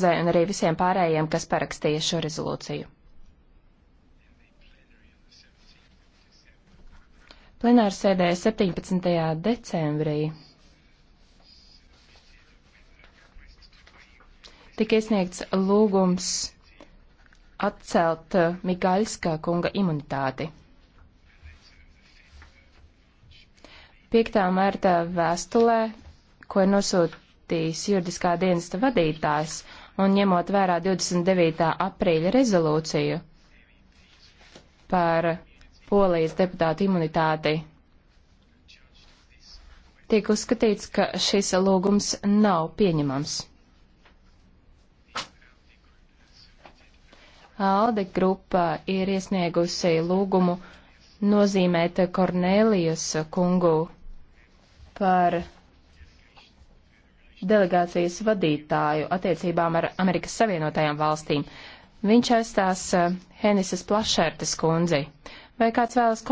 Zai un arī visiem pārējiem, kas parakstīja šo rezolūciju. Plenāra sēdē 17. decembrī tika iesniegts lūgums atcelt Migaļskā kunga imunitāti. 5. martā vēstulē, ko ir nosūtīts partijas juridiskā dienesta vadītājs, un ņemot vērā 29. aprīļa rezolūciju par polijas deputātu imunitāti, tiek uzskatīts, ka šis lūgums nav pieņemams. ALDE grupa ir iesniegusi lūgumu nozīmēt Kornelijas kungu par delegācijas vadītāju attiecībām ar Amerikas Savienotajām valstīm. Viņš aizstās eh, Henises Plašērtes kundzi. Vai kāds vēlas